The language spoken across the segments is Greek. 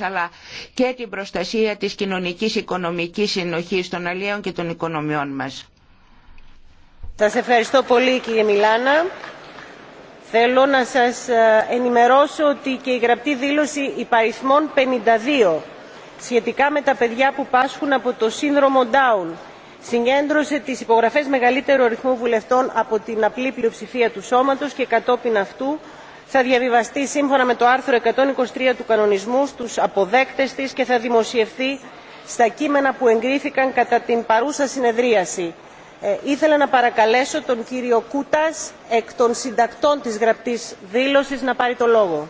αλλά και την προστασία της κοινωνικής οικονομικής συνοχής των αλλιέων και των οικονομιών μας. Σας ευχαριστώ πολύ κύριε Μιλάνα. Θέλω να σας ε, ενημερώσω ότι και η γραπτή δήλωση υπαριθμών 52 σχετικά με τα παιδιά που πάσχουν από το σύνδρομο Down συγκέντρωσε τις υπογραφές μεγαλύτερου αριθμού βουλευτών από την απλή πλειοψηφία του σώματος και κατόπιν αυτού θα διαβιβαστεί σύμφωνα με το άρθρο 123 του κανονισμού στους αποδέκτες της και θα δημοσιευθεί στα κείμενα που εγκρίθηκαν κατά την παρούσα συνεδρίαση. Ε, ήθελα να παρακαλέσω τον κύριο Κούτας, εκ των συντακτών της γραπτής δήλωσης, να πάρει το λόγο.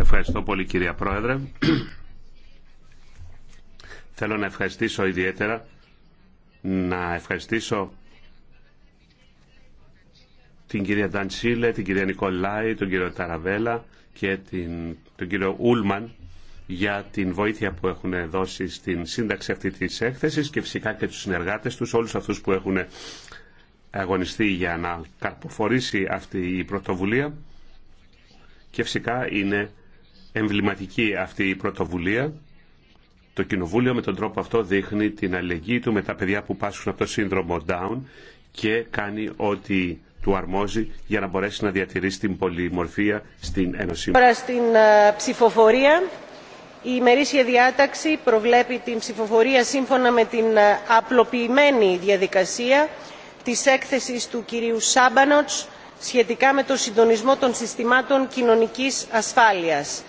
Ευχαριστώ πολύ κυρία Πρόεδρε. Θέλω να ευχαριστήσω ιδιαίτερα, να ευχαριστήσω την κυρία Ντανσίλε, την κυρία Νικολάη, τον κύριο Ταραβέλα και την, τον κύριο Ούλμαν για την βοήθεια που έχουν δώσει στην σύνταξη αυτή της έκθεσης και φυσικά και τους συνεργάτες τους, όλους αυτούς που έχουν αγωνιστεί για να καρποφορήσει αυτή η πρωτοβουλία και φυσικά είναι εμβληματική αυτή η πρωτοβουλία το Κοινοβούλιο με τον τρόπο αυτό δείχνει την αλληλεγγύη του με τα παιδιά που πάσχουν από το σύνδρομο Down και κάνει ό,τι του αρμόζει για να μπορέσει να διατηρήσει την πολυμορφία στην Ένωση. Τώρα στην ε, ψηφοφορία. Η ημερήσια διάταξη προβλέπει την ψηφοφορία σύμφωνα με την ε, απλοποιημένη διαδικασία της έκθεσης του κυρίου Σάμπανοτς σχετικά με το συντονισμό των συστημάτων κοινωνικής ασφάλειας.